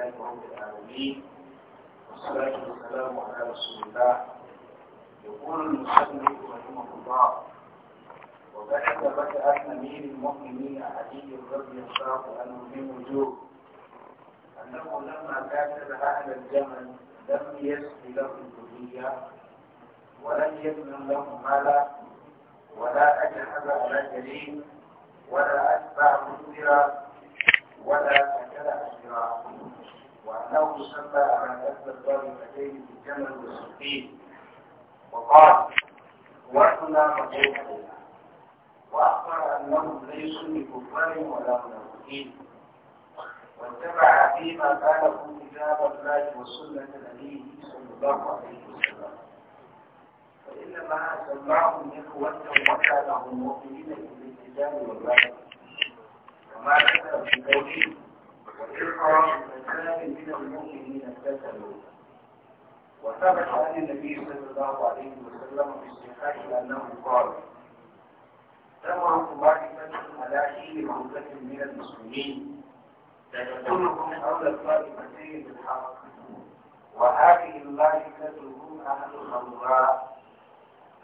لله رب العالمين والصلاة والسلام على رسول الله يقول المسلم رحمه الله وبعد بدأ أمير المؤمنين علي رضي الله عنه من وجوه أنه لما كاتب أهل الجمل لم يسق لهم الدنيا ولم يبن لهم مالا ولا أجهز على كريم ولا أتبع مدبرا ولا سنة الزراعة وأنه سمى عن أكبر ضريبتين بالجمل وقال وقتنا مقبول وأخبر أنهم ليسوا بكفار ولا منافقين واتبع فيما قاله كتاب الله وسنة نبيه صلى الله عليه وسلم فإنما سمعهم إخوة وكانهم مؤمنين بالالتزام والبعد كما ذكر في قوله وثبت عن النبي صلى الله عليه وسلم في الصحيح انه قال تمر طائفه على حين غزه من المسلمين تدخلهم اولى الطائفتين بالحق وهذه الطائفه هم اهل الخمراء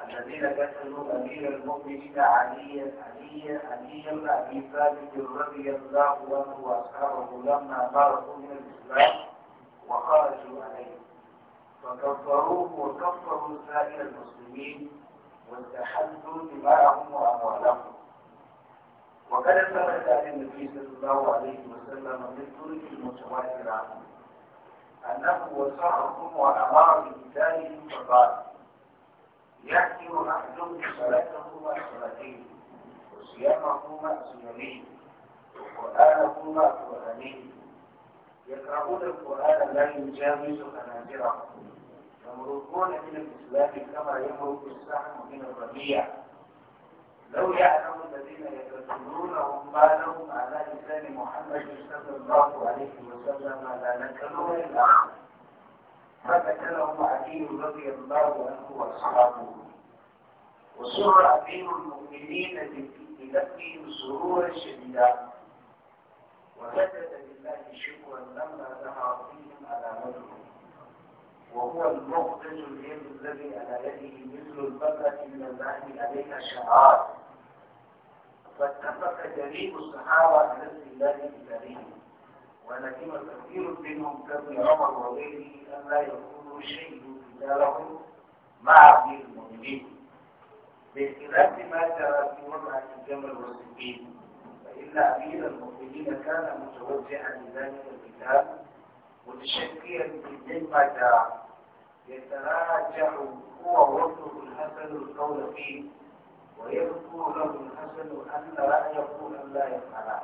الذين كسروا امير المؤمنين علي علي علي بن ابي ثابت رضي الله عنه واصحابه لما فرغوا من الاسلام وخرجوا عليه فكفروه وكفروا سائر المسلمين واستحلوا دماءهم واموالهم وكان ثبت عن النبي صلى الله عليه وسلم من طرق المتواتره انه وصاهم وامر بقتالهم فقال يختم أحدهم صلاته صلاتين وصيامهما صيامين وقرآنهما قرآنين يقرؤون القرآن لا يجاوز خنازرهم يمرقون من الإسلام كما يمرق السهم من الربيع لو يعلم الذين يتكلونهم ما لهم على لسان محمد صلى الله عليه وسلم لا نكلوا إلا فذكرهم علي رضي الله عنه واصحابه وسر امير المؤمنين بلقيهم سرورا شديدا وسجد لله شكرا لما ظهر فيهم على مدره وهو المخرج اليد الذي على يده مثل البقرة من الله عليها شعار فاتفق جميع الصحابة على الله بكريم ولكن كثير منهم كابن عمر وغيره أن لا يكونوا شيء لهم مع أمير المؤمنين باختلاف ما جرى في وضع الجمل والسكين فإن أمير المؤمنين كان متوجها لذلك الكتاب متشكيا مما جرى يتراجع هو وابنه الحسن القول فيه ويذكر له الحسن أن رأيه أن لا يفعله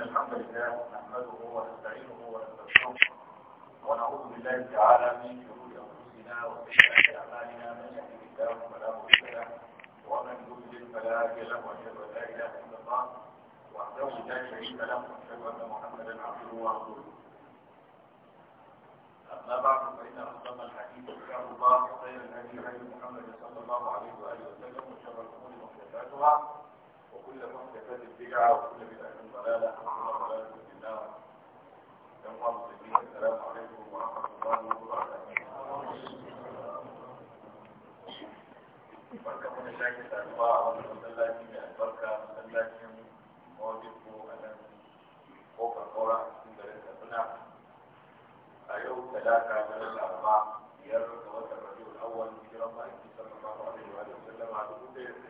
إن الحمد لله نحمده ونستعينه ونستغفره ونعوذ بالله تعالى من شرور أنفسنا وسيئات أعمالنا من يهده الله فلا مضل ومن يضلل فلا هادي له وأشهد أن لا إله إلا الله وحده لا شريك له وأشهد أن محمدا عبده ورسوله أما بعد فإن أصدق الحديث كتاب الله وخير الهدي محمد صلى الله عليه وآله وسلم وشر الأمور محدثاتها كل محدثة بدعة وكل بدعة ضلالة وكل ضلالة في النار. يوم الصديق السلام عليكم ورحمة الله وبركاته. بركة من الله تعالى ورحمة الله جميعا بركة من الله جميعا موجب أن أوفى قرى من ذلك أبناء أيوة ثلاثة من الأربعة يرى الرجل الأول في رمضان صلى الله عليه وسلم على المدير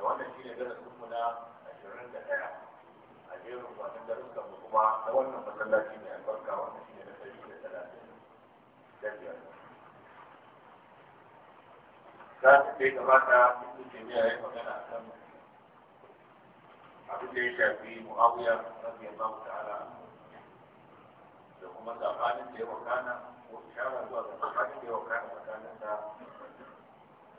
da wannan shi ne darasin mu na ashirin da ɗaya a jerin wannan darussan mu kuma na wannan masallaci mai albarka wannan shi ne na ɗari da talatin da biyar za su kai gabata ibn taymiya ya magana a kan abin da ya shafi muawiya radiyallahu ta'ala da kuma sabanin da ya wakana ko shawar zuwa ga sabanin da ya wakana tsakanin da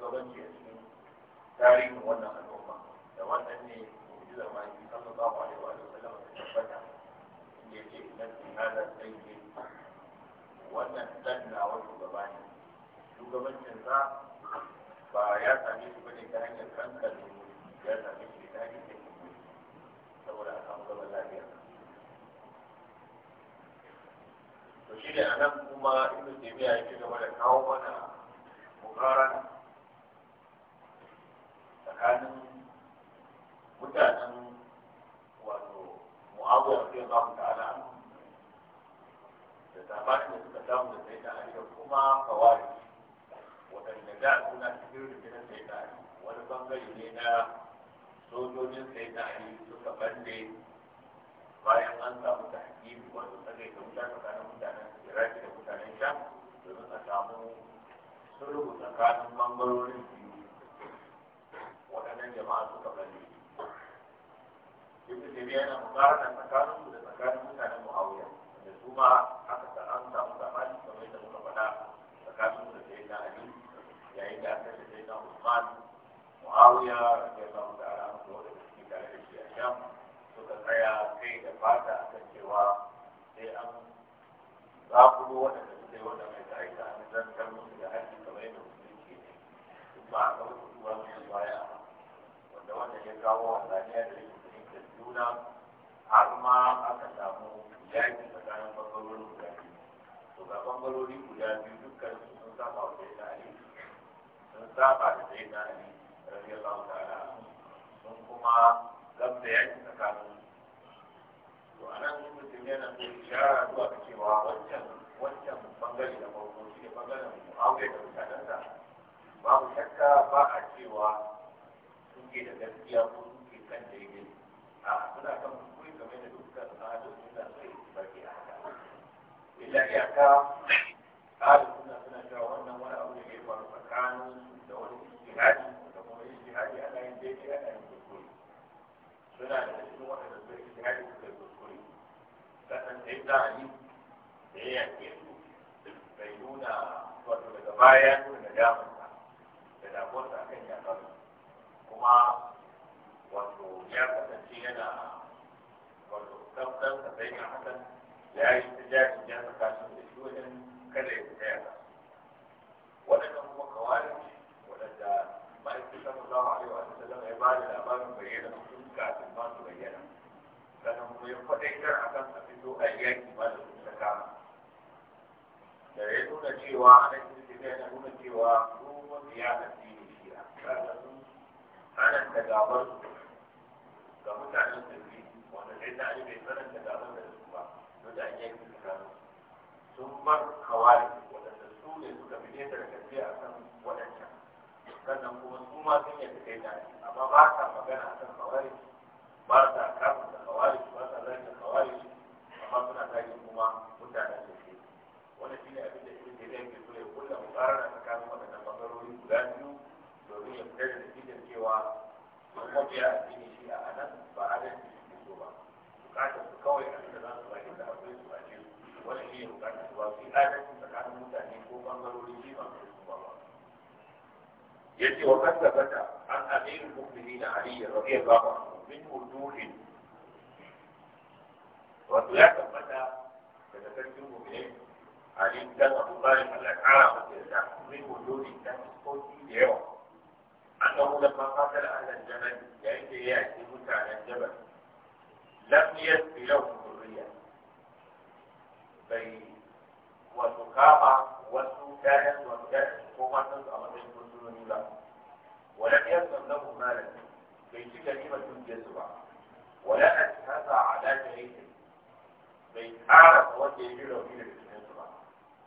shugabanci a cikin tarihin wannan al'umma da wannan ne yi mu'jizar mahaifi sallallahu alaihi wa sallam ta tabbata inda yake idan fi hada sanke wannan dan na wa shugaba ne shugabancin sa ba ya same shi bane ta hanyar kankan ya same shi ta hanyar saboda a samu zaman lafiya to shi ne a nan kuma ibn taymiya ya ci gaba da kawo mana mukaran tsakanin mutanen wato mu'awiyar bin babu ta'ala da zamanin da suka samu da sai da ali da kuma kawari waɗanda da suna cikin rundunar sai da ali wani bangare ne na sojojin sai da ali suka bande bayan an samu tahkimi wato sakai da wuta tsakanin mutanen iraki da mutanen sha domin a samu sulhu tsakanin bangarorin waɗannan jama'a suka balle ibn tabiya yana mukarana tsakanin su da tsakanin mutanen muawiya da su ma aka ta an samu sabani kamar yadda muka faɗa tsakanin su da na ali yayin da aka da na usman muawiya radiyallahu ta'ala anhu da suke tare da shi a sham suka tsaya kai da fata akan cewa sai an zakulo waɗanda suka yi wannan aika aika an zantar musu da haƙƙi kamar yadda musulunci ne ba a ga wasu ruwa mai baya da wanda ya kawo hatsaniya da rikici da juna har ma aka samu yaki tsakanin bangarorin guda biyu to ga bangarori guda biyu dukkan su sun saba wa sai da ali sun saba da sai da ali lau ta'ala sun kuma gamsa yaki tsakanin to a nan sun mutum yana da shara zuwa ga cewa wancan wancan bangare da farko shi ne bangaren mu'awiyar da mutanensa babu shakka ba a cewa suke da gaskiya ko suke kan daidai a suna kan kuskure game da dukkan tsarin da sai ba ke a haka illa ka al'adun suna suna cewa wannan wani abu da ya faru tsakanin da wani ijtihadi da kuma ijtihadi a layin daidai ana yin kuskure suna da cikin waɗanda suka yi ijtihadi suka yi kuskure sannan sai za a yi da ya yanke su bai nuna wato daga baya nuna da damarsa da damuwarsa akan yakarsu kuma wato ya kasance yana wato tsaftar da sai na hakan ya yi ta jakin ya saka shi da shi wajen kada ya fita ya waɗannan kuma kawarin waɗanda ma'aikin sallallahu alaihi wa sallam ya ba da labarin bayyana sun kafin ma su bayyana sannan kuma ya faɗaitar a kan a fito a yaki ma da su saka da ya nuna cewa ana cikin da ya nuna cewa su wanda ya addini shi a tsananta gaban ga mutanen da ke wanda zai da ali bai tsananta gaban da su ba don da ake yanki tsakanin sun bar kawai waɗanda su ne suka fi nesa da tafiya a kan waɗancan sannan kuma su ma sun yi tafiya da ali amma ba sa magana a kan kawai ba sa kafin da kawai ba sa da kawai amma suna zagin kuma mutanen da ke wanda shi ne abin da shi ne da yake so ya kulla mukarana tsakanin waɗannan ɓangarori guda biyu domin ya fitar da cewa mabiya addini shi a nan ba adalci suke so ba bukatar su kawai a da za su bari da akwai su aje wani shi bukatar su ba su yi adalci tsakanin mutane ko bangarori shi ba su ba ba yace wa qad thabata an amir al-mu'minin ali radiyallahu anhu min wuduhin wato ya tabbata daga sarkin mu'minin ali dan Abu Bakar al-Qara min wuduhin da da yawa أنه لما قاتل أهل الجبل يأتي يعني يأتي موسى على الجبل لم يسبي له ذرية بي وتقام وسكان وكان وما تزعم من كل له ولم يسلم له مالا بيت كلمة جزوة ولا أجهز على شيء بيت أعرف وجه له إلى الجزوة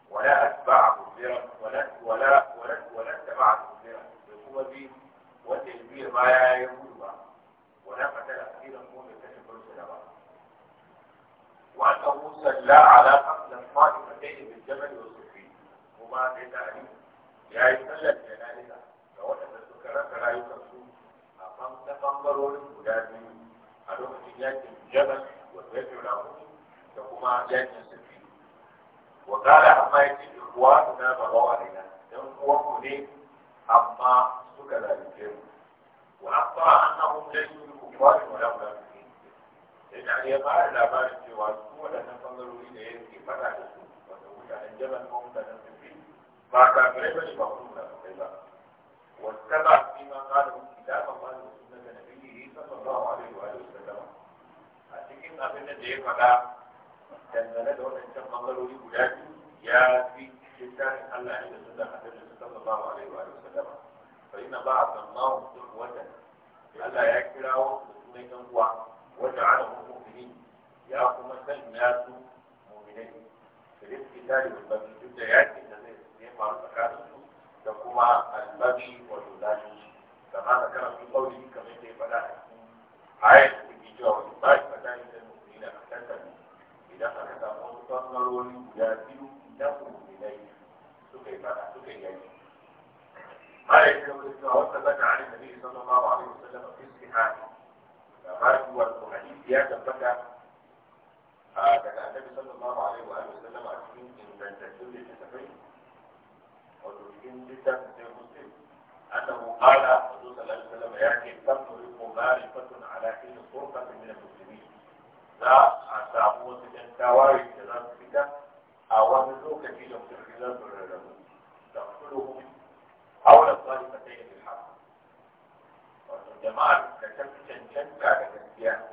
ولا أتبعه ذرا ولا ولا ولا ولا اتبعه ذرا بقوة بيت ce ba ya yi gudu ba wala fatar asirin ko bai kashe kursu da ba wa ta musalla ala kafin fa'ifatai da bijjamar da sufi kuma da tari ya yi da jana'iza ga waɗanda suka rasa rayukansu a ta ɓangarorin guda biyu a lokacin yakin jabal wanda ya da kuma yakin sufi wa kara amma ya ce ruwa na ba ba wa dan uwanku ne amma suka zalunce mu وأخبر أنهم ليسوا بكفار ولا منافقين يقال يقع الأبار الجواز هو لأن تنظروا إليه يعني في فتح وتقول أن جبل هم تنفسين فأعتقد ليس بمخلوق لا واتبع فيما قاله كتاب الله وسنة نبيه صلى الله عليه وآله وسلم أتكلم أبن الجيب على dangane da waɗancan ɓangarori guda biyu ya fi littafin Allah ne da sunan Annabi sallallahu alaihi wa sallam fa inna ba sallahu wata Allah ya kirawo da sunan yan uwa wata ala mu'minin ya kuma sanya su mu'minai da riski tare da babu duk da yakin da zai zai faru kuma su da kuma albabi wato zalunci kama da kana su kauri kamar da faɗa a cikin ayat da ke cewa wani ba shi faɗa ne da mu'mina a kankan idan aka samu biyu na mu'minai suka yi faɗa suka yi yaki عائشة رضي وثبت عن النبي صلى الله عليه وسلم في الصحاح فقال هو الحديث يا ثبت daga annabi sallallahu alaihi wa sallam a cikin ingantattun littattafai wato cikin littafin sai muslim annahu qala wato sallallahu alaihi wa sallam ya ce tamuriku ma'rifatun ala kulli furqatin min al-muslimin za a samu wasu ɗan tawaye da za su fita a wani lokaci da mutum za su rarrabu da kuma haula zalimatai bil haqq wato jama'a da tafi cancanta da gaskiya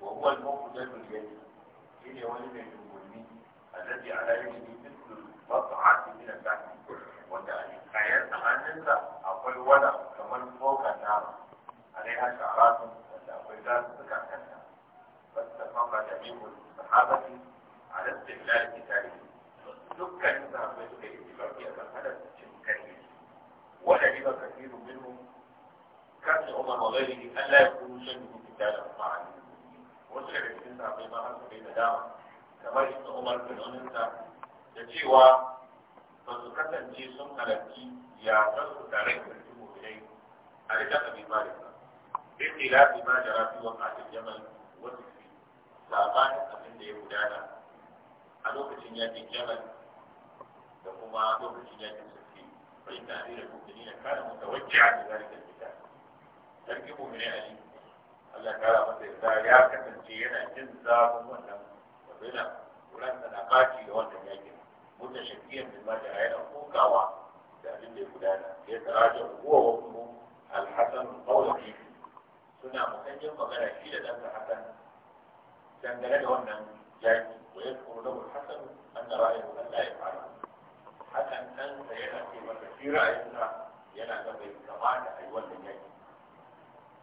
وهو المخرج من اليد إلى ولد المؤمن الذي على يده مثل القطعة من الفحم وتأليف حياة أنسى أقول ولا كمن فوق النار عليها شعرات والأقوال تكعتنا فاستقام جميع الصحابة على استغلال كتابه دكا وسلم وغيره ألا يكونوا شبه كتابا معنا وسرع الإنسان بما حصل بين دام كما يسمى عمر بن أنسى يتيوى فسو كتنجي سن حلقي يا فسو تاريخ الجمهور إليه على جنب مالك باختلاف ما جرى في وقعة الجمل وسكري sabanin abin da ya gudana a lokacin yakin jamal da kuma lokacin yakin sufi bai tare da mutane da kare mutawajjiya da zalika sarki mummune ali Allah ya kara masa yarda ya kasance yana jin zafin wannan kabila ransa na baci da wannan yakin mutum shakiyan bin mata yana kokawa da abin da ya gudana ya tsaraja kowa wa kuma alhassan kawai suna musanyen magana shi da ɗansa hassan dangane da wannan yaki wa ya tsoro da hassan an da ra'ayin Allah ya fara hassan ɗansa yana ce masa shi ra'ayinsa yana ga bai kamata a yi wannan yaki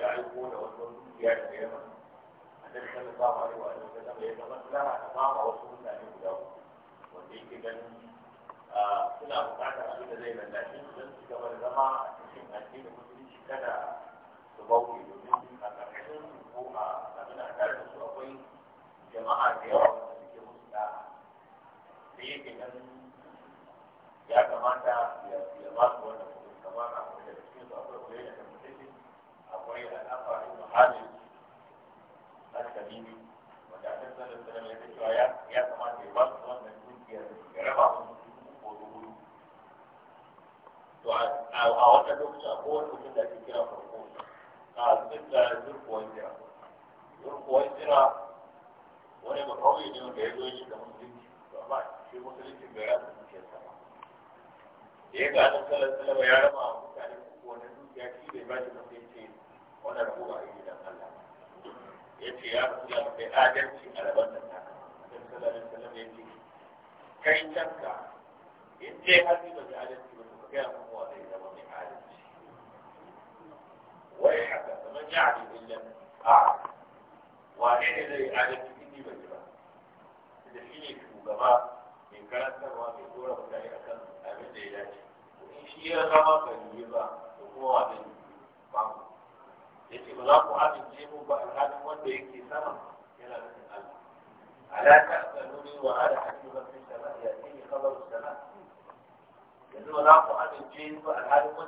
ya aiko da wata dukiya daga yamma annabi sallallahu alaihi wa sallam ya ga maslaha ta ba ma wasu mutane guda wanda yake ganin ah, suna buƙatar abin da zai lallace su don su gaba da zama a cikin addinin musulunci kada su bauke domin a ƙarƙashin su ko a abin a tare da su akwai jama'a yawa ya kamata ya kamar a da cikin su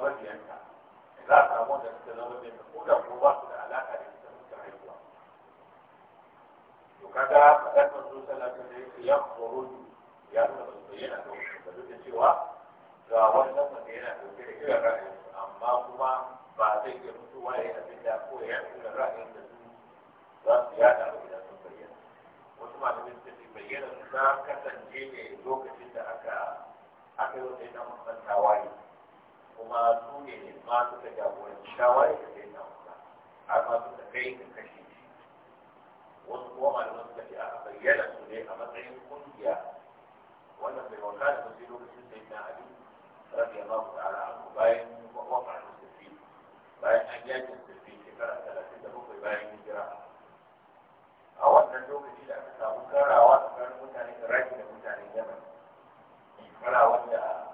mabiyanta za a samu da suka zama mai ko da ko ba su da alaka da ita suka haihuwa to kaga fadar manzo sallallahu alaihi wasallam ya khuruj ya nuna ba su bayyana da wani ba duk da cewa ga wannan wanda yana dauke da irin amma kuma ba zai iya mutuwa ya yi abin da ko ya yi irin ra'ayin da su za su yada ba idan sun bayyana wasu malamin sun ce bayyana su ta kasance ne lokacin da aka aka yi wata yana musamman tawaye kuma su ne ne ma suka jagoranci shawarar da zai na wuta har ma suka kai da kashe shi wasu kuma malaman suka ce a bayyana su ne a matsayin kungiya wannan bai wanka da su sai lokacin da yana ali rabi Allah ta'ala an bayan wafa da sufi bayan an yakin sufi shekara talatin da bakwai bayan hijira a wannan lokaci da aka samu karawa tsakanin mutanen Iraki da mutanen Yemen karawa da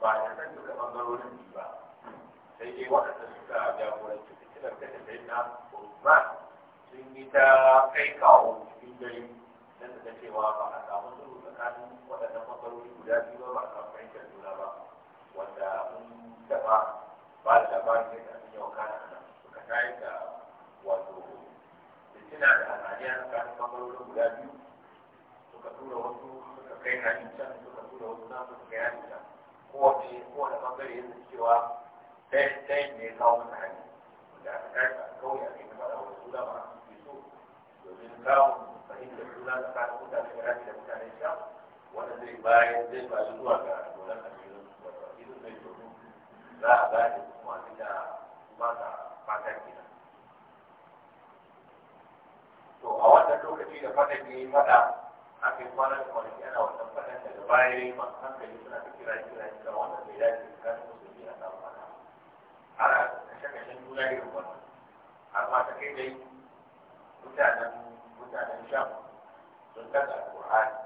ba da san duka bangarorin biyu ba sai dai waɗanda suka jagoranci fitilar da ta yi na kuma sun yi ta kai kawo cikin dare don ta cewa ba a samu sulhu tsakanin waɗannan bangarori guda biyu ba ba a samu fahimtar juna ba wanda mun taɓa ba da labarin yadda abin yau kana nan suka tayar da wato fitina da al'adiyar tsakanin bangarorin guda biyu suka tura wasu suka kai hannun can suka tura wasu na suka kai hannun can kowane kowane bangare yadda cewa ɗayan ne aka tashi a kauye a cikin mara wani suna so da rafi da mutane sha wanda zai zai bayu ga dolar asirin wato asirin zai a gane kuma abin ka to a wannan lokaci da fata ke faɗa haka yi kwanan kwanaki ana wannan faɗin da da bayan masu hankali suna ta kira kira kira wannan bai dace tsakanin musulmi a samu ana har a shakashin juna irin wannan amma ta kai dai mutanen mutanen sham sun kasa alƙur'ani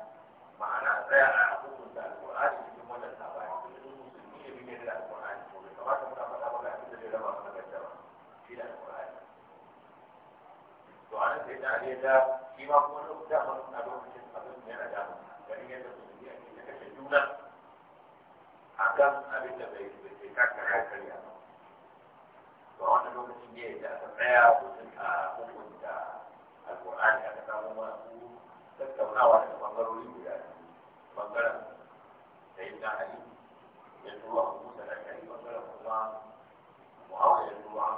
ma'ana a tsaya a hukunta alƙur'ani cikin wannan labarin da sun musulmi ne bin da alƙur'ani to bai kamata mu faɗa ba ga abin da zai raba mana ganta ba shi da alƙur'ani to ana sai da ya da shi ma kuma lokuta ba a lokacin yana da ganin yadda musulmi a cikin kashe juna a kan abin da bai bai kaka ya karya ba ba wannan lokacin ne da aka tsaya hukun a hukunta alƙur'ani aka samu masu tattaunawa daga ɓangarori guda biyu ɓangaren sayin na ali ya turo a musa da shari ɓangaren kuma mu'awar ya turo a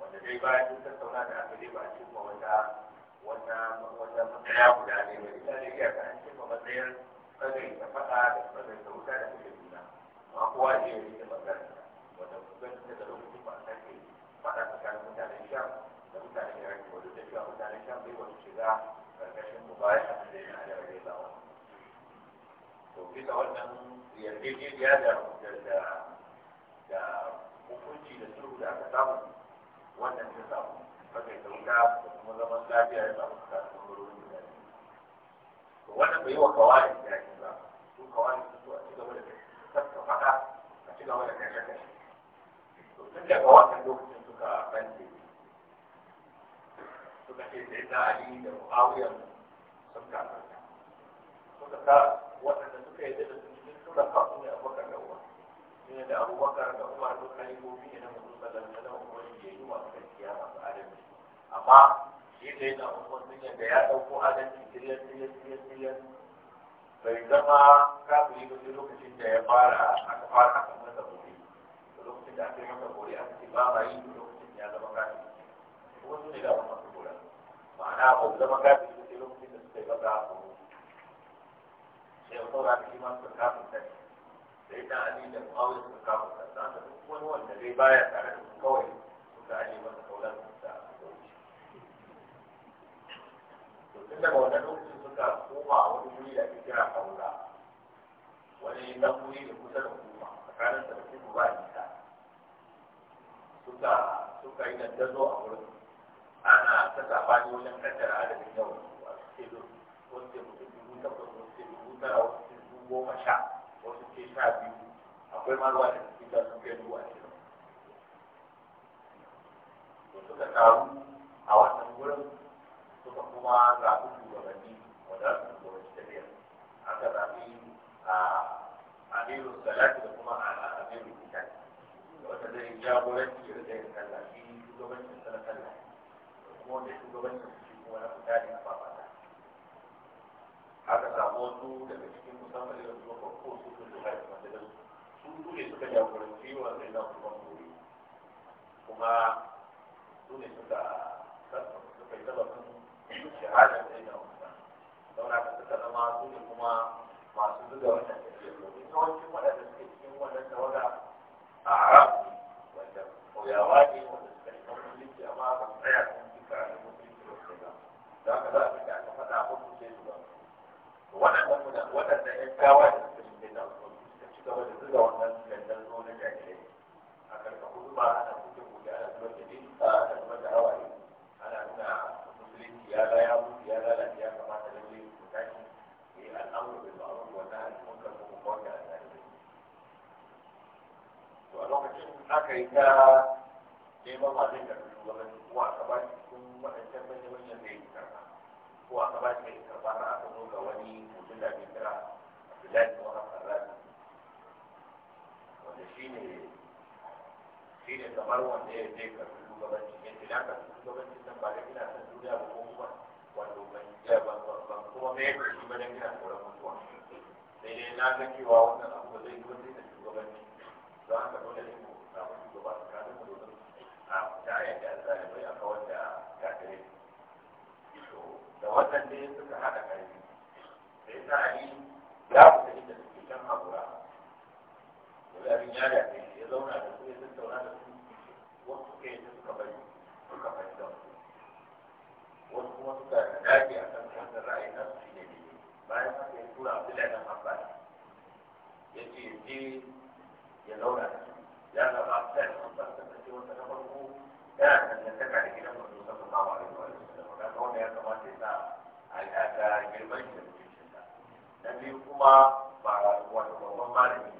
wanda dai bayan sun tattauna da aka dai ba a cikin wata wata wata matsaya guda ne mai ita da iya ka hanci ma matsayin tsagai da faɗa da tsagai da wuta da kuke juna ma kowa ne ya rike magana wata kusan daga lokacin ba a sake faɗa tsakanin mutanen sham da mutanen iraki wanda da cewa mutanen sham bai wani shiga karkashin mu baya a cikin yana da rage zawa to bisa wannan yarjejeniya da da da hukunci da sulhu da aka samu wannan ta samu kasance wuta wannan bai yi wa kawai da yaki ba su kawai su so a da sassa faɗa a ci gaba da kashe kashe to tun daga wannan lokacin suka ɓance suka ce sai na ali da mu'awiyar sun kasa suka sa waɗanda suka yi da sun suka kasu ne a bakar da sai da abubakar da umar duk halifofi ne na mutum sallallahu alaihi wa sallam ya yi masu gaskiya masu adalci amma shi da yana umar sun da ya ɗauko adalci tiryan tiryan tiryan tiryan bai zama kafiri ba sai lokacin da ya fara aka fara aka masa gobe lokacin da aka yi masa gobe aka ce ba ma yi lokacin ya zama kafiri wasu ne da masu gobe ma'ana ba zama kafiri ba sai lokacin da suka yi masa gobe sai ya saura shi ma suka kafin sai da ali da muawiya suka kama kansa da duk wani wanda dai baya tare da su kawai suka aje masa kaulan da tun daga wannan lokacin suka koma a wani wuri da ake kira kaula wani dan wuri da kusa da kuma tsakanin da mutum ba nisa suka suka yi dandazo a wurin ana ta sabani wajen kaddara adadin yawan su a cikin wanda mutum dubu takwas wasu dubu tara wasu dubu goma sha wasu ke sha biyu akwai ma ruwa da suke sha sun kai ruwa ne to suka taru a wannan wurin kuma me ya kashi ba dan gina tsoron mutuwa sai dai na ga cewa wannan abu zai yi wani da shugabanci don ka dole ne mu samu shugaba tsakanin mu domin a tayar da zalibai a kawar da kafirai to da wannan ne suka haɗa ƙarfi sai ta ali ya fita inda suke kan hakura? wani abin ya dace ya zauna da su ya tattauna da su wasu suka yi suka bari suka fahimta wasu kuma suka dage a kan wannan ra'ayin nasu shi ne biyu bayan haka ya tura abdullahi dan abbas ya ce je ya zauna ya ga abdullahi dan abbas ta ce wata na farko yana dangantaka da gidan manzo sallallahu alaihi wa sallam da wanda ya kamata ya sa al'ada girman shi da na biyu kuma ba babban malami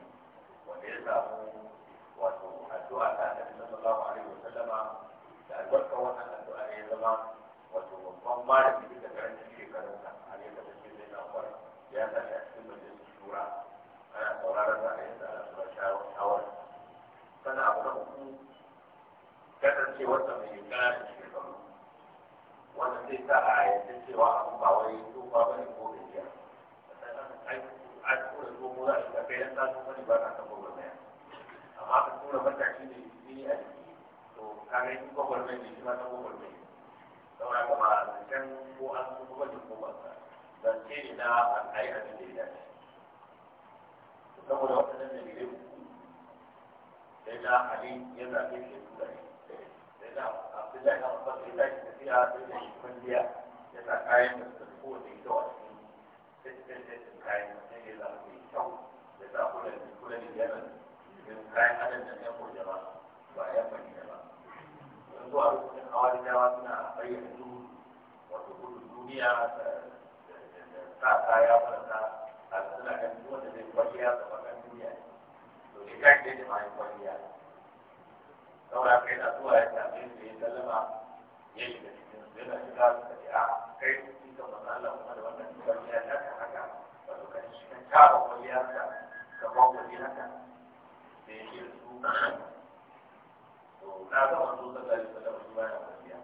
wanda ya samu wato addu'a ta annabi sallallahu alaihi wa sallama da albarkar wannan addu'a ne ya zama wato babban malami duk da karancin shekarunsa a ne da cikin zai na kwar ya tashi a cikin majalisar shura ana sauraron sa a yadda ana tura shawar sannan abu na uku kasancewarsa mai shekara da shekaru wanda zai sa a yadda cewa abin ba wai tsufa ba ne ko gajiya a tura tsoho za a shiga kai yan tasu wani ba na taɓa gwamnati amma a ka tura matashi ne ne a jiki to kaga yi mai ne shi ma taɓa mai. don kuma ba zancen ko an su kuma jin ko zance ne na an kai abin da ya dace saboda waɗannan dalilai uku sai na ali ya zaɓe shi da sai na abdullahi na abbas ya tashi tafiya sai da shi kwalliya ya sa kayan da suka ko da ita wa cikin tattalin kayan sai ya zaɓe mai kyau ya sa kulan kulan yana kayan adadin yan kurjama ba yan madina zuwa lokacin hawari dawa suna bayyana duhu wato gudun duniya sa kaya farka a suna ganin wanda zai kwaliya da bakan duniya ne to ne kan da ma yin kwaliya saboda kai na zuwa ya same da ya sallama ya shiga cikin su yana shiga su ka ce a ah, kai cikin ka masu Allah kuma da wannan kwaliya ta ka haka wato kan shi kan tara kwaliya ka ka kwaliya ka da ya su na ga manzo sallallahu alaihi wasallam shi baya wasiya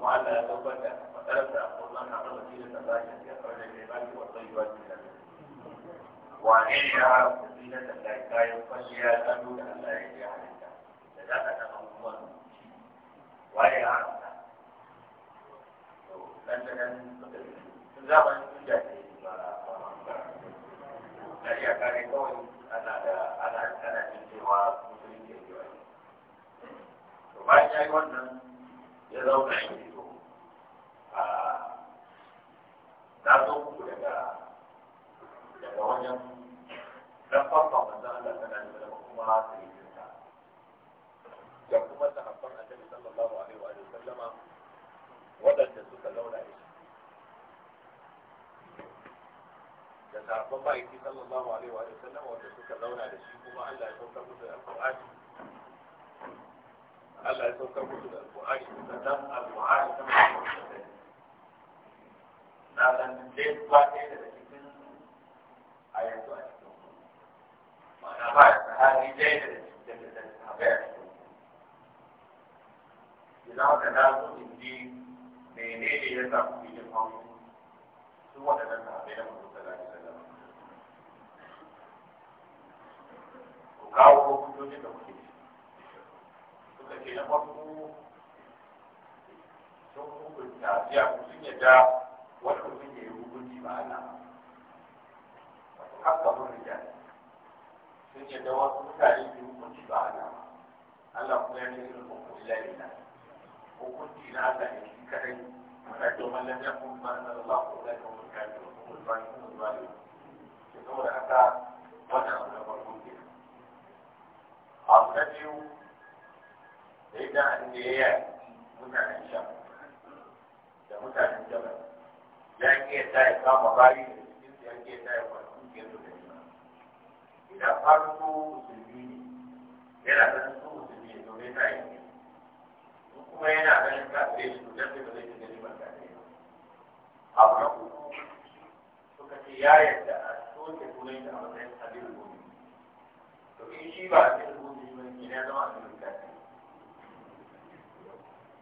wa Allah ya tabbata wa tarata Qur'an a kan wasiya ta zaki ya kawai da mai baki wa tsayyuwa ta da wa ne ya wasiya ta da kayan kwalliya ta nuna Allah ya ji halitta da za ka ta abubuwan wa ya haramta to nan da nan sun zamanin sun jaje ba ba ba da ya kare kawai ana da ana ana cewa to bayan ya yi wannan ya zauna ya yi to na zo muku daga daga wajen dan fafa manzo Allah tana da zama kuma sirrinta da kuma sahabban annabi sallallahu alaihi wa sallama waɗanda suka zauna da da sahabban ba'i sallallahu alaihi wa sallama wanda suka zauna da shi kuma Allah ya saukar musu da alqur'ani Allah ya saukar musu da alƙur'ani da dan alƙur'ani ta mutum na san dai ba ɗaya daga cikin a yanzu a cikin ma'ana ba da hali ɗaya daga cikin da da haɓe a cikin idan haka na so in ji menene ya sa ku yi hamu su waɗannan haɓe na mutum sallallahu alaihi wasallam ku kawo hujjojin da kuke suka ce na farko sun hukunta biya sun yadda wani mutum ya yi hukunci ba Allah wato haka mun rija sun yadda wasu mutane su hukunci ba Allah Allah kuma ya ce irin hukunci lalle na hukunci na Allah ne shi kadai ولكن kuma لم يقم ما انزل kuma فاولئك هم الكافرون هم kuma الظالمون. saboda haka wannan abu na farko kenan. Abu na biyu sai da abin ya yi mutanen sham da mutanen jamal ya ke ta ya kama bayi da cikin ya ke ta ya kwanci ke su da nima ina farko musulmi ne yana ganin su musulmi ne domin ta yi kuma yana ganin kafirai su da su da zai shiga nima kafirai abu na uku suka ce ya yadda a soke sunan da a matsayin abin gobe to shi ba a cikin gobe ne ya zama abin kafirai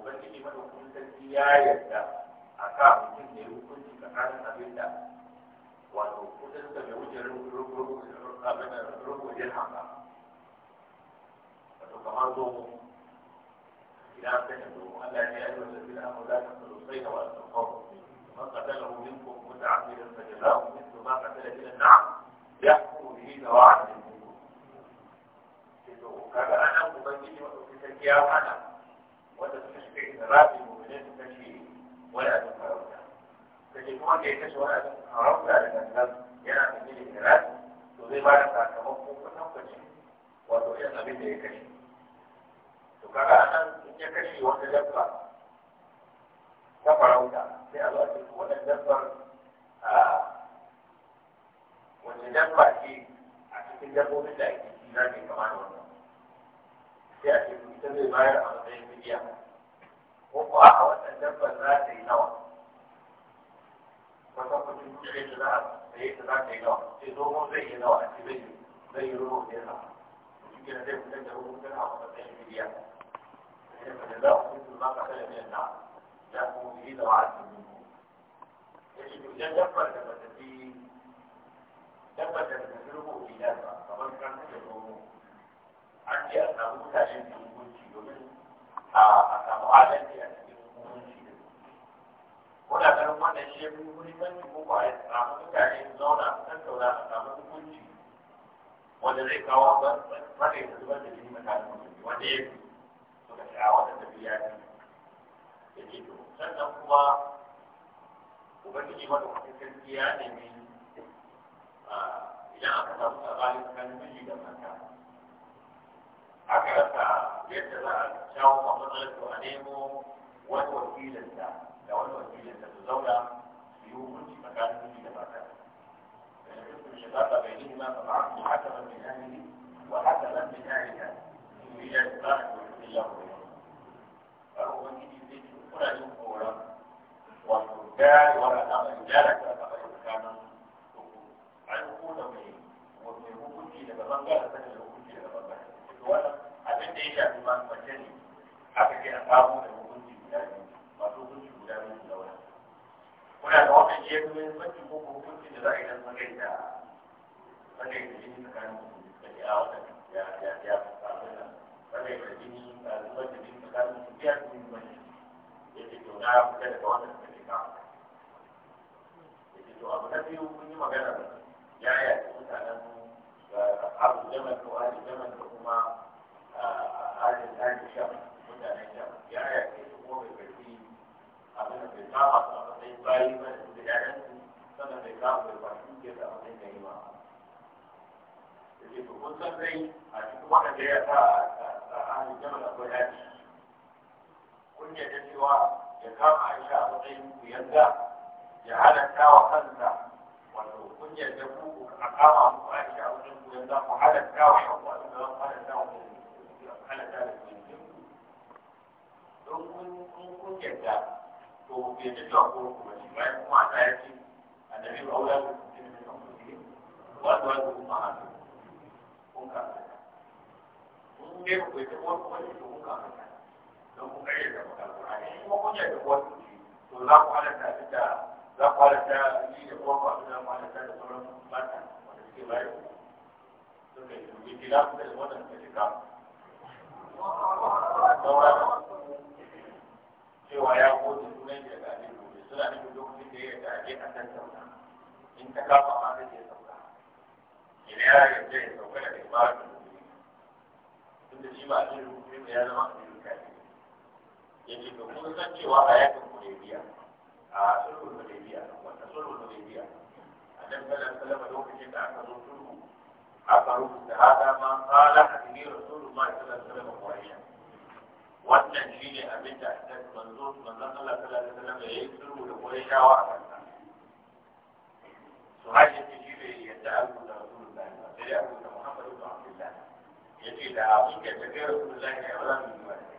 ubangiji madaukakin sarki ya yarda a ka mutum ne hukunci tsakanin abin da wato kudin da bai wuce abin da wato kamar zomo idan ka ne zomo Allah ya yi wasu bin amma za ka tsaro sai da wasu kawo man qatalahu minkum muta'ammidan fajazahu mithlu ma qatala min an-na'am yahkum bihi dawa'an minkum to kaga anan ubangiji madaukakin sarki ya hana wanda suka shiga inda rabin mummune su kashe wani abin farauta kashe kuma da ya kashe wani abin farauta da gangan yana da gini da rabi to zai ba da sakamakon kusan kwace wato yan abin da ya kashe to kaga nan in ya kashe wata dabba ta farauta sai a zo a ce wannan dabbar wace dabba ce a cikin dabbobin da ake ci za ta yi kama da wannan sai a ce ita zai bayar a matsayin miliya ko ko a wannan dabbar za ta yi nawa wata kudin kuɗi da za a saye ta za ta yi nawa sai dogon zai yi nawa a ce zai yi zai yi rubu da yana shi ke zai fitar da rubu tana a matsayin miliya sai ka da za a kuɗi za ka kada miliyan na ya kuma yi da wa'azin rubu ya ce duk yan dabbar da ba ta fi dabbar da ba ta fi rubu da yana ba kamar kan ta da dogon an ce a samu mutane da hukunci domin a samu adalci a cikin hukunci da kuna ganin wannan shi yafi muhimmanci ko ko a samu mutane su zauna su tattauna a samu hukunci wanda zai kawo matsayin da zubar da jini mutane musulmi wanda ya fi suka ce a wannan tafiya ne ya ke to sannan kuma ubangiji wanda kuma sarki ya nemi idan aka samu tsakanin kan miji da mata aka rasa yadda za a shawo a matsalar to a nemo wani wakilinta da wani wakilinta su zauna su yi hukunci tsakanin miji da mata da shi kusur shi za ta bayyana ma ba a kuma haka ban bin ahili wa haka ban bin ahila su yi yadda za a kuma yi lafiya ba ko wani ji zai ci kuna yin koran wato gari wani al'amari gyara ta taɓa yi tsakanin an kuna mai hukunci daga bangaren sanin hukunci daga bangaren wannan abin da ya shafi ma mace ne aka ce a samu da hukunci guda biyu masu hukunci guda biyu guda wani kuna da wannan shi ya fi muhimmanci ko hukunci da za a yi don sakai da sakai da jini tsakanin mutum da ke a wannan ya ya ya abin nan sakai da jini a zubar da jini tsakanin mutum ya fi muhimmanci ya ce to na fita daga wannan sakai ka ya ce to abu na biyu kun yi magana yaya mutanen عرض جمل وأهل جمل وهما أهل أهل الشام متعنى الشام يعني يكتبوا بالبرسيم أبنى بالتاقة أبنى بالطائفة بالعلم سنة بالتاقة بالبرسيم كيف أبنى كيما يجب يكون سنري عشان واحد جاي أهل الجمل أقول هذا كل يجب يكام عائشة أبنى يبدأ جعلتها وخلتها wato kun yarda ku a kama muku aiki a wajen ku yanzu ku halatta wa kanku abin da za ku halatta wa halatta da ku don kun kun yarda to ku yarda cewa ko ku bace bayan kuma a tsaya ce annabi ba aula ku cikin da kan kuɗi wato wato kuma a hannu kun ka kun ne ku yarda ko ku bace to kun ka don kun yarda ku da ku ne kuma kun yarda ku to za ku halatta da za da da wannan da cewa ya ake a kan sauka in ta ma zai iya sauka ya sauka shi ba ya zama a a a sulhul hudaybiya wanda sulhul hudaybiya annabi sallallahu alaihi wasallam lokacin da aka zo sulhu aka rubuta hada ma qala hadini rasulullahi sallallahu alaihi wasallam quraisha wannan shine abin da annabi manzo manzon Allah sallallahu alaihi wasallam yayi sulhu da quraishawa a kansa su hajji shi ne yadda Allah da rasulullahi sai ya rubuta Muhammadu bin Abdullah yace da abin da ta ga rasulullahi sallallahu alaihi wasallam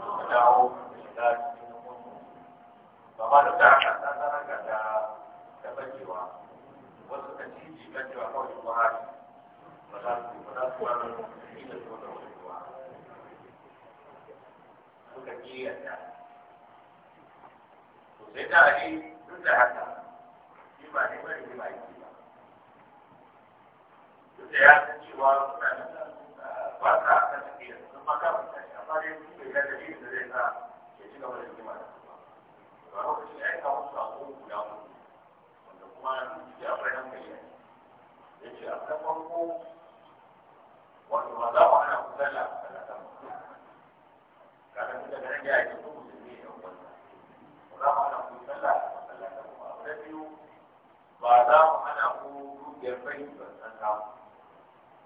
ka dawo da cikin mutu ba ma da tsaraka tsaraka da ta bacewa wasu ka ciji kan cewa kawai ba ha ba za su ba za su ba da shi da su da wani ruwa suka kiyarta to sai ta ali duk da haka shi ba ne bari ne ba yi ba duk da ya san cewa mutanen ah, ba tafiya sun amma dai mutum da zai sa ya ci gaba da da a lokacin ya a ko guda wanda kuma ya ya ce a kan farko wato ba za mu ana kusalla a yi su ne wanda ba a biyu ba za mu ana ku dukiyar fahimtar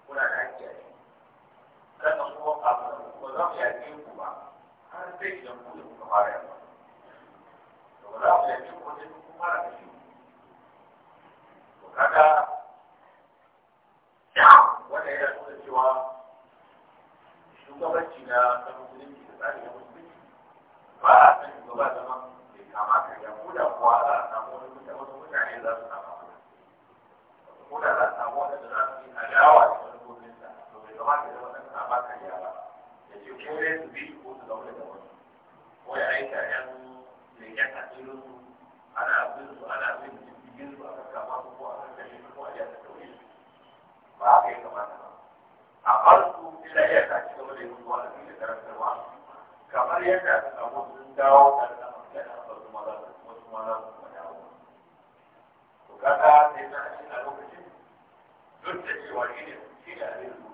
kuna da hakki a 咱中国啊，我让别人欺负嘛？他是自己就不是中国华人。我让别人欺负，中国华人。我看看，我跟人家说一句话，中国不欺负人家，人家不欺负咱，人家完了，人家不欺负咱，你看嘛，人家不欺负咱，咱不就欺负不欺负咱？咱不欺不欺负咱。不欺负人家，人家不 kamata da wannan a ba kan yara ya ce ko dai su bi ko su zaune da wani ko ya aika yan leƙen asirin su ana su ana bin jirgin su aka kama su ko aka kashe su ko a ta tauri ba haka ya kamata ba a bar su ya ta ci gaba da yin zuwa da karantarwa kamar yadda ta samu sun dawo a da amfani da wasu maza wasu maza su kuma dawo to kaga sai na a lokacin duk da cewa shi ne shi ne abin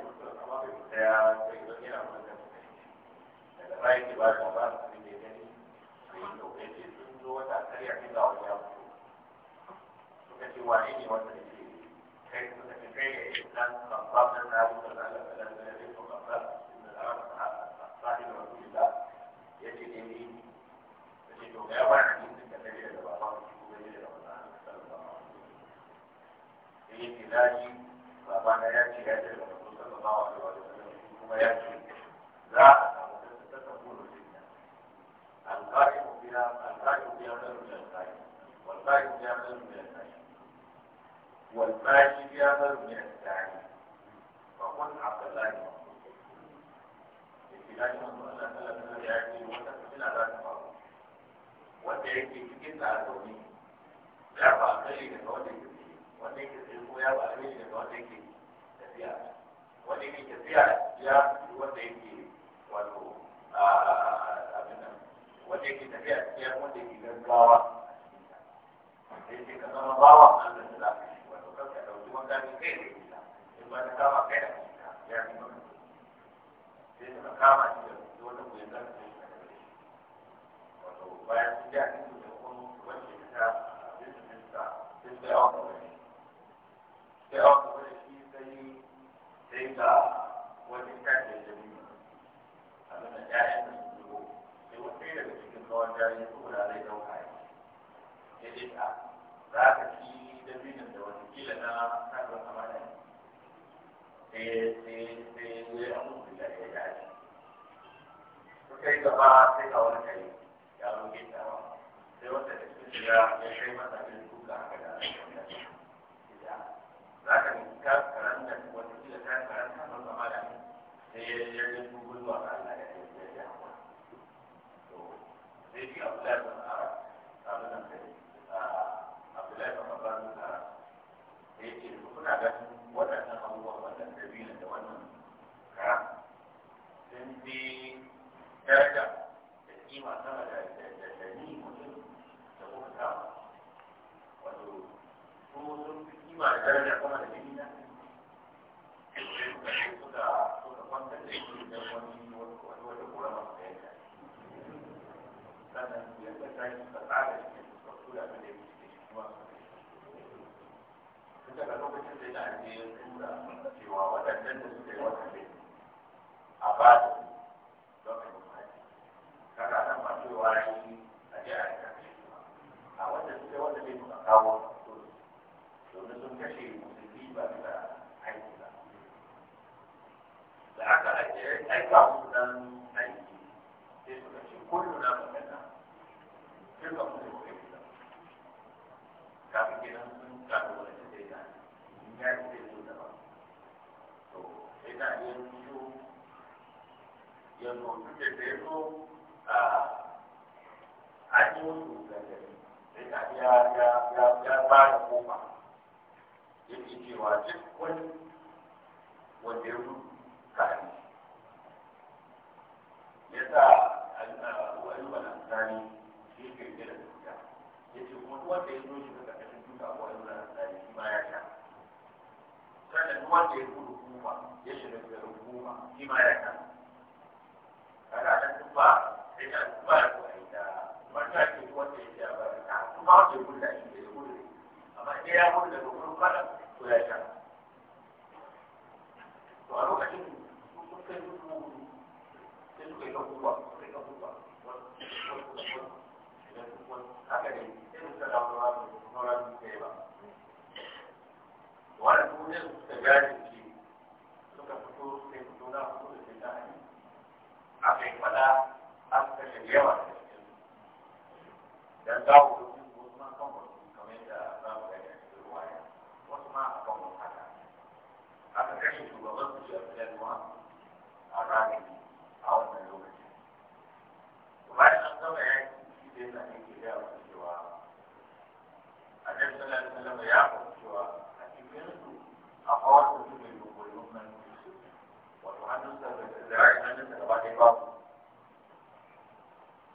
babu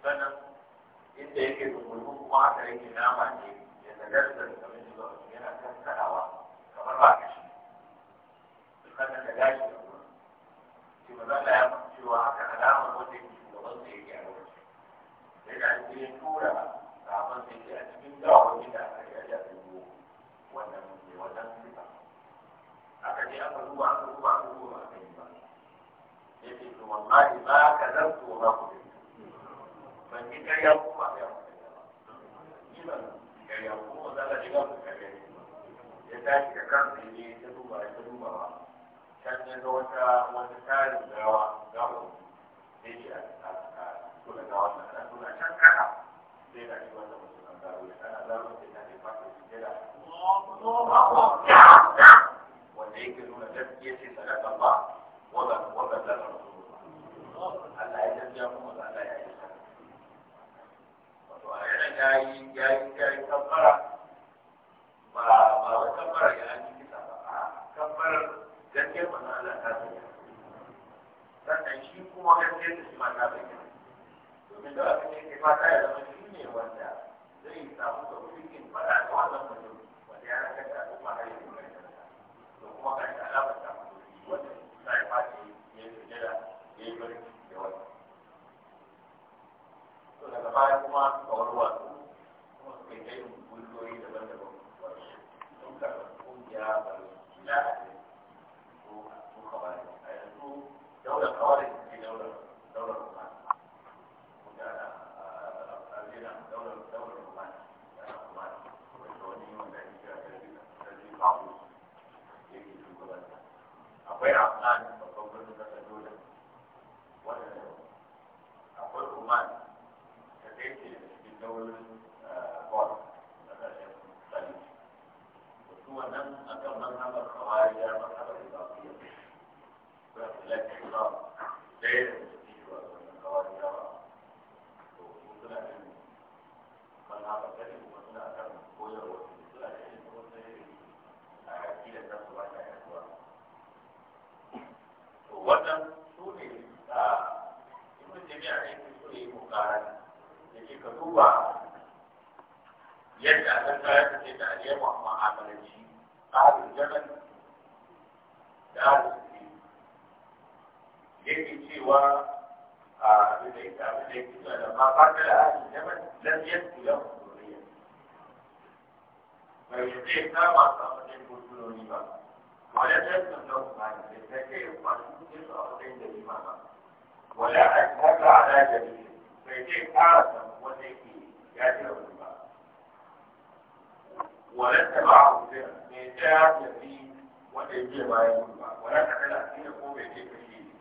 sannan inda yake da kuma haka yake nama ne ya nagarta لما قتل أهل اليمن لم يبدو لهم ذرية فيزيد ما صارت البطولون الامام ولا تسلم لهم عن الزكاة وقصد الأرض للامام ولا أذهب على جبينه فيزيد أعظم وزكي يأتيهم الامام ولا تبعهم في ميتات يبين وتجيب عليهم بقى ولا تتلقين قوة يجيب فيه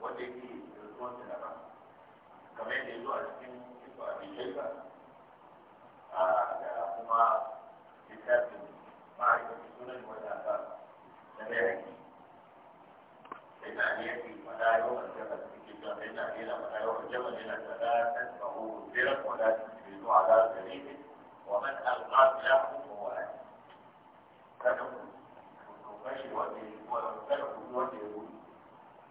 وتجيب الكون kamar yadda ya zo a cikin cikin da kuma littafin ma'aikacin sunan wata ba na bayani sai na ne yake fada yawan jama suke jan sai na ne na fada yawan jama yana da ratar bahu zirar wada su ke zuwa za su ne wa man alƙafi ya kuma wa'adi kada ku kashe wanda ya kuma kada ku wanda ya yi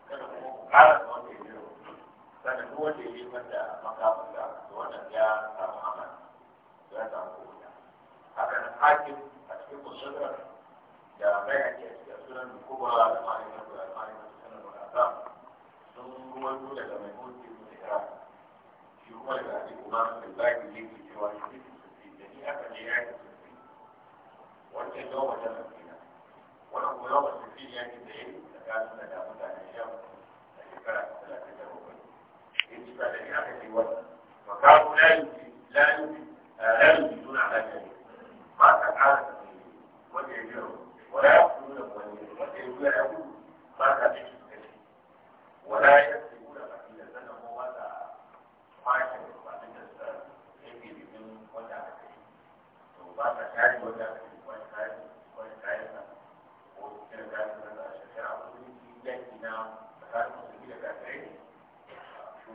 kada ku ƙara wanda ya yi sannan duk wanda ya yi wanda makafin da wannan ya samu aman ya samu wuta haka nan hakim a cikin musulman da bai a cikin sunan kuma da malamin da malamin da sunan wata sun ruwan daga mai mulki da kira shi kuma daga ake kuma da zaki ne ke cewa shi ne sosai da ni aka ne ya yi sosai wancan yau wata sosai na wannan kuma yau wata sosai ya ke da yi tsakanin da mutane yau da shekara talatin da بالنسبة لجهة الوزن وكانوا لا يمكن لا يمكن لا يمكنون على ذلك ما كان عادة وجه اليوم ولا يقولون وجه اليوم يقول ما كان ولا يكتبون فقيلتهم ولا ما يكتبون فقيلتهم يجب من وجه وبعد ذلك وجه وجه وجه وجه وجه وجه وجه وجه وجه وجه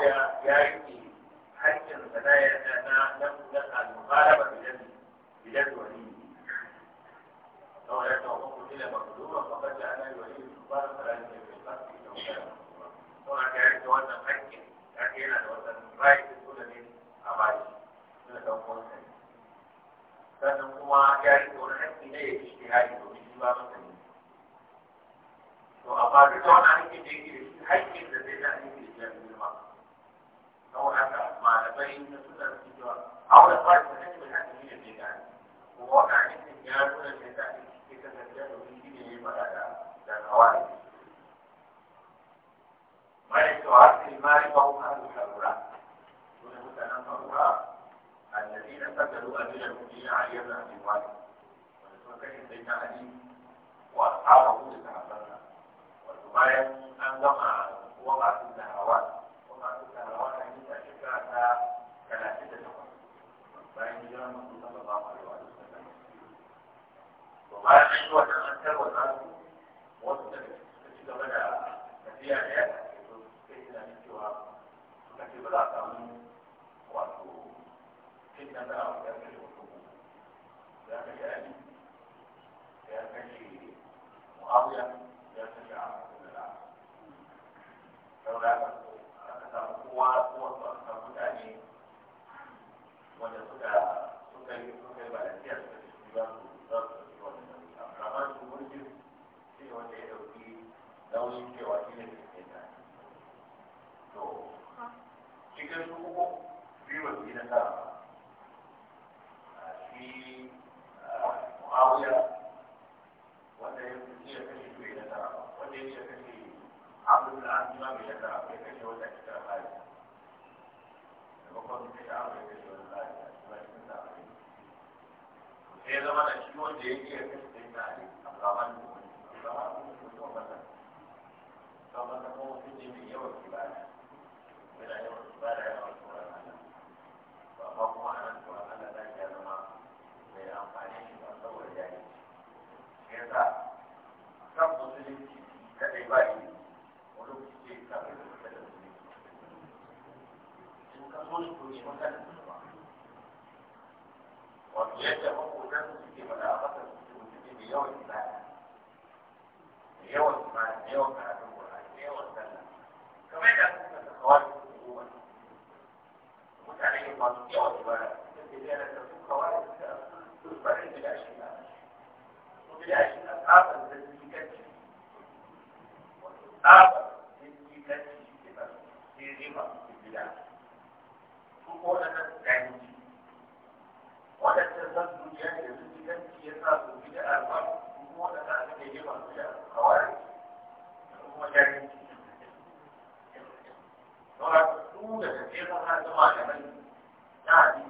wanda ya riƙe hakkin da ya da kuɗi a yin rayuwa ne wato kan yin ta hasarta wato bayan an كيف هذا ما لمن نادي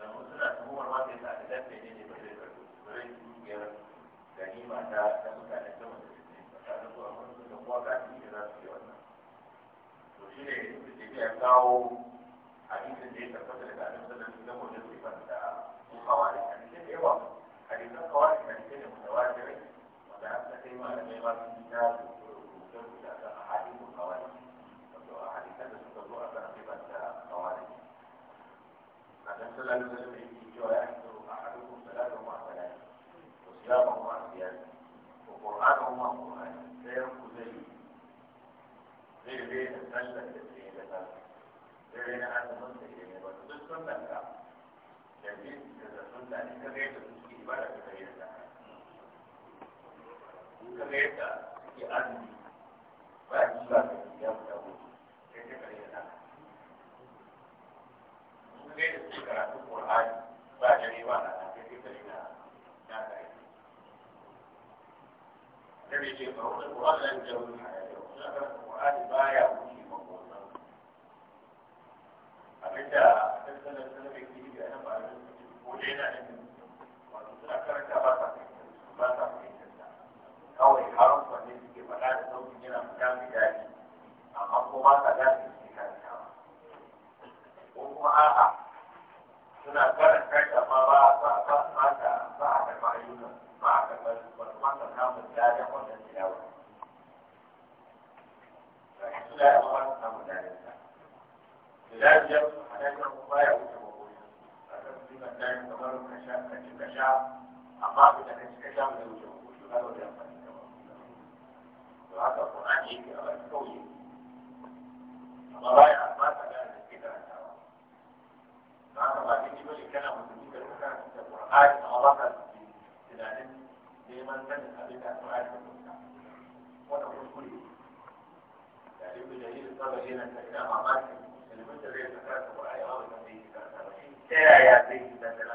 domin suna tuhumar ma sai sa dan mene ne ba zai karɓi ba zai ganima ta ta mutane ta mutum ne ba ta da da kuwa ga ni za su yi wannan to shi ne da ya kawo hadisin da ya tabbata daga annabi sallallahu alaihi wasallam da ke fanta ko kawai hadisi da yawa hadisan kawai hadisi ne mutawatirai wanda an ta kai malamai ma sun yi ta rubuce a kan ahadisin kawai wato ahadisan da suka zo a kan sifanta kawai کہ آدمی بڑا جیوا کر دیا ہوتا ہوں کیسے کرے گا sai da suke karatun Qur'ani ba dare ba na nan sai dai sai na na ka yi da bai ce kawo da Qur'ani da wani hayaniya kuma karatun Qur'ani ya wuce makosa abinda tattalin sanarwa ke yi da ana ba da ko da yana da wato suna karanta ba sa ba sa fahimtar kawai haruffa ne suke faɗa da sauƙin yana fita mai daɗi amma ko ba sa daɗi suke karantawa ko kuma a'a suna barin kanta ma ba ba ba ba ta ba a karɓa ayyuka ba a karɓa su ba su mata samun dajen wannan tilawa suna da ba su samun dajen ta da biyar a nan kan kuma ya wuce ba ko a kan su kan dajen kamar ka sha ka ci ka sha amma su da ka ci ka sha mu da wuce ba ko su ka da amfani da ba to haka ko an yi a wani kauye amma ba saba yana da ina mamaki da zai saka ta a yawa ba yaya zai yi ta tana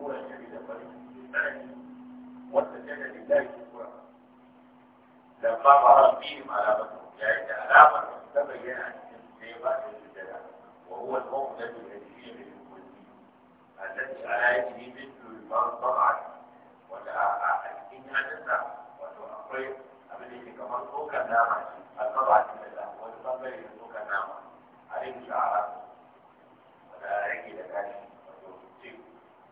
الخشوع يعني الذي لقد وسجد لله شكرا لما رأى فيهم علامته يعني علامة تبين عن الشيطان الجلال وهو الموت الذي فيه من التي على يده مثل المرض طبعا ولا أحسن عدسة وتؤخر abin da ke kamar tsokar nama ce a tsaba ce da wani bangare da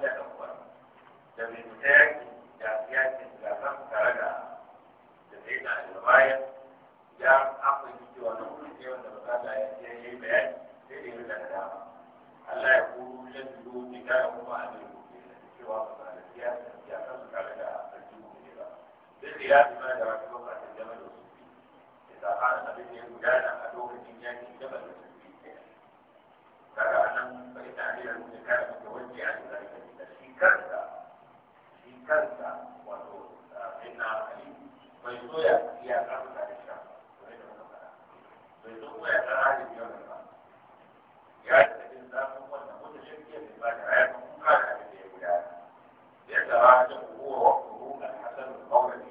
iya ɗaukuwa da mai fita yaki da yakin gasan tare da da zai na baya ya akwai jiki na wuri ne wanda ba za ta yi bayani sai da yi da dama Allah ya kuru ya duro ne ga kuma a ne cewa ba za ta iya ya kasu tare da sarki ne ba duk da ya fi mana da wasu lokacin da mai da su fi da tsakanin abin da ya gudana a lokacin yakin da mai da su fi daga nan bai tare da rubuta kare da wanda ya fi kansa shi kansa wato sai na hankali bai so ya iya kansa da sha bai so ko ya tsara da biyar da ba ya yi da jin zafin wannan wata shirkiyar da ba da rayar kuka da abin da ya gudana ya tsara da kowa wa kuru a hasan kawai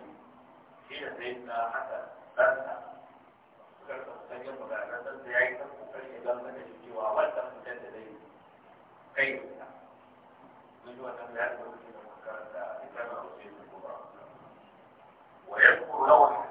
shi da sai na hasan kansa suka kusan yin magana sansa ya yi kan kokari ya gamsa da shi cewa wannan mutum da zai kai ويذكر له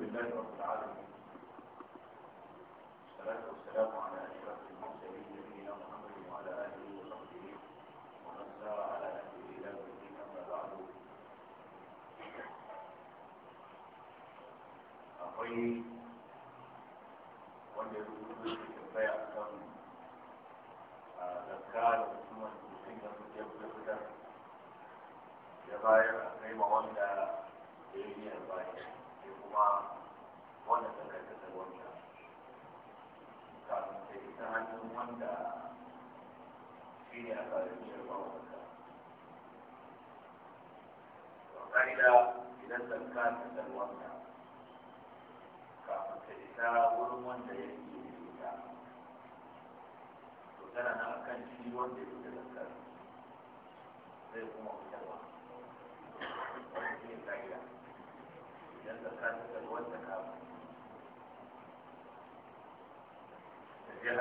الحمد لله رب العالمين والصلاة والسلام على أشرف المرسلين نبينا محمد وعلى آله وصحبه ومن سار على نهجه إلى يوم الدين أما بعد أخي وجدوا ƙa'ida idan zarka ta salwanta kafin ta isa wanda ya yi ta ya zai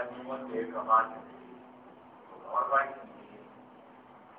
kuma wanda ya kamata to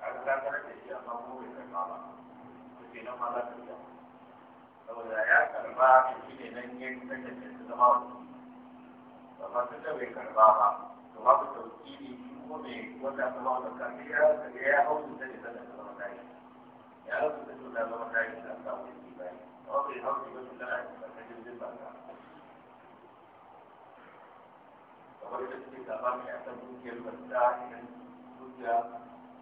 a da shi ta saboda ya karɓa to ne nan ya kasance da bai karɓa ba kuma wanda ta ya ta hau su ba ta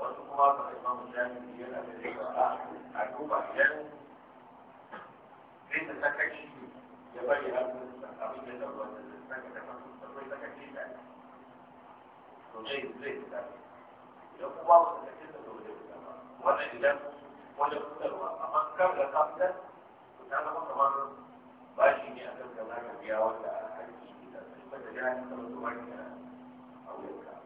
wasu kuma ba a imamu jami'i yana da yawa a a duba idan zai da sakaci ya bari abin da abin da wanda zai saka da masu akwai sakaci da to zai zai fita idan kuma ba su sakaci da dole fita ba wannan idan wajen fitarwa amma kan da ka fitar to ta zama kamar bashi ne a kan da za ka biya wanda a haƙƙi da su ba da jami'i kamar zuwa a wuyanka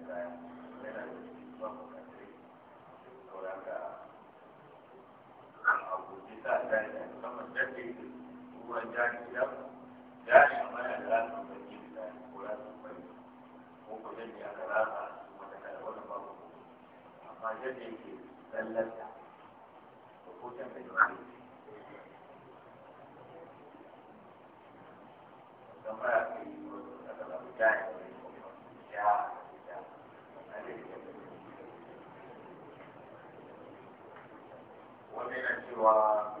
ذلك ثم الذي هو جاهل جاهل ما لا تبين ذلك ولا تبين وكذلك على راحة وتكلمون بعضهم أما جدي دلت وكوتا من الوحيد ثم يأتي جاهل جاهل ومن الجوار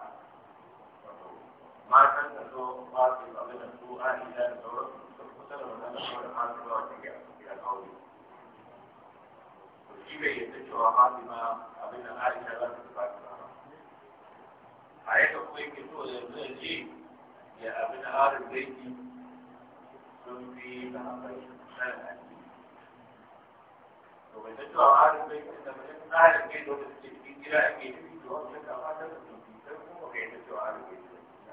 ما كان له قاتل من السوء إلى الدور فقتل من الحاكم وتجاهل الأول وشيبه يتجوى حاكمة من عائشة لا تتفاكمها عائشة قوي كتوى لابن الجيل يا ابن آل البيت sun fi labarai nan aji domin da cewa arin bai ta da mutum tsarin bai da wata cikin gida ake nufi da wata kamata da sun fi sai kuma kai ta cewa arin bai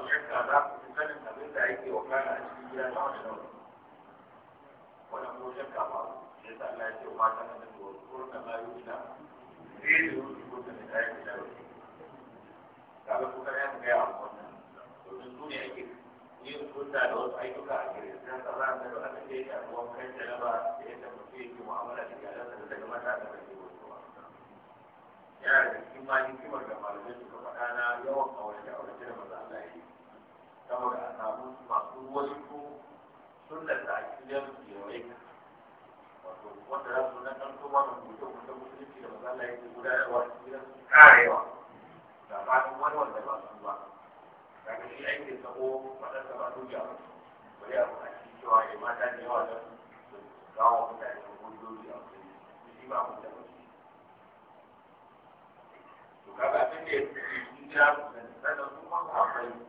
Wani shakka za ku fi sanin abin da ake wakana a cikin gida na wani nauyi wannan ko shakka ba sai sa Allah ya ce wa ta nan da wurin da ma yi da sai da wurin ko da ta yi da wurin kaga ku kana yin gaya a wannan domin su ne ake yin kunta da wasu ayyuka a gidan sai ka za ka ga abin da ya shafi wankan jaraba da yadda mutum yake mu'amala da iyalansa daga mata da kake wasu yana da cikin ma hikimar da malamai suka faɗa na yawan aure da aure da maza Allah ya saboda a samu masu wasu sunnar da ake yin kewaye ka wato wanda za su na mai musulunci da yake gidan su karewa da fatan wani wanda ba su ba shi ba ba a ba. cikin ya mata da yawa su da a wajen shi ba mu da to kaga ya da kuma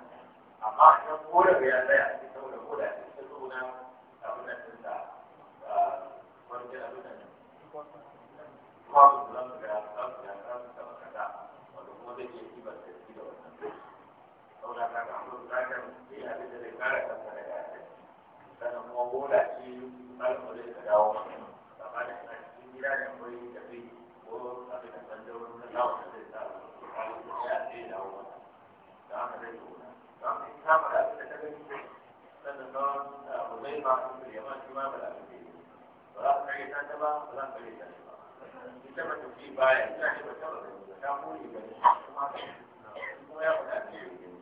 amma idan ko da ya tsaya a cikin saboda ko da a cikin sauro na abin da sun da ah, wani abin da kuma su zan ga za su ga za su taɓa kaza wanda kuma zai iya kibar da shi da wannan saboda ta ga abin da ka yi abin da zai kara kansa daga yake sannan kuma ko da shi tsarin da zai dawo amma da a cikin gida ne ko da tafi ko abin da ban da wani na zai sa wani ya dawo da haka zai الإسلام والأمن الذي لأن النار حذيفة في اليمن كما والأمن ولا تعيش أنتما ولا تعيش أنتما إنما تفي بايع تعيش وترد وتقولي بني ما يقول أكيد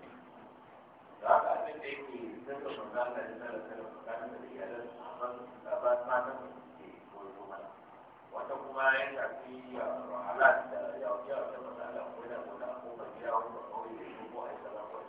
لا أعتقد أني ذكر من ذلك الإنسان كان الذي أدرس أحمد أباد ما نفسه وتقوم عند في رحلات يومية كما قال أخونا هنا أخونا في يوم وقوي الشبوع السلام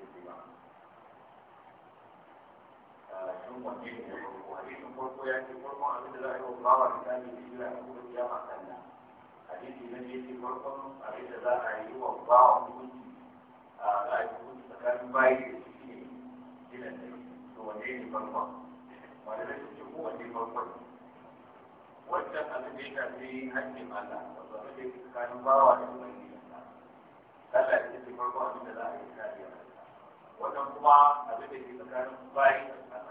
tun wanne ne da farko hadisin farko ya ce farkon abin da za a yi wa bawa da kami da jira a kuma kiyama kanna hadisi na ne ce farkon abin da za a yi wa bawa hukunci a tsakanin bayi da shi ne jinan da to wanne ne farkon wanda ko farkon wancan abin da ya Allah da ya tsakanin bawa da kuma Allah ya ce farkon abin da za a yi kariya wannan kuma abin da ke tsakanin bayi da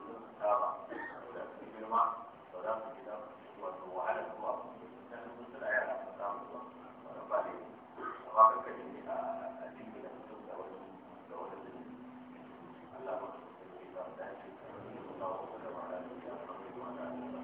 saba da su girma ba za su gida wato wahala zuwa dan mun suna yara ba za mu zuwa wannan ba ne amma kan kan ne a addini da mutum da wani da wani Allah ba ba da shi sallallahu alaihi wa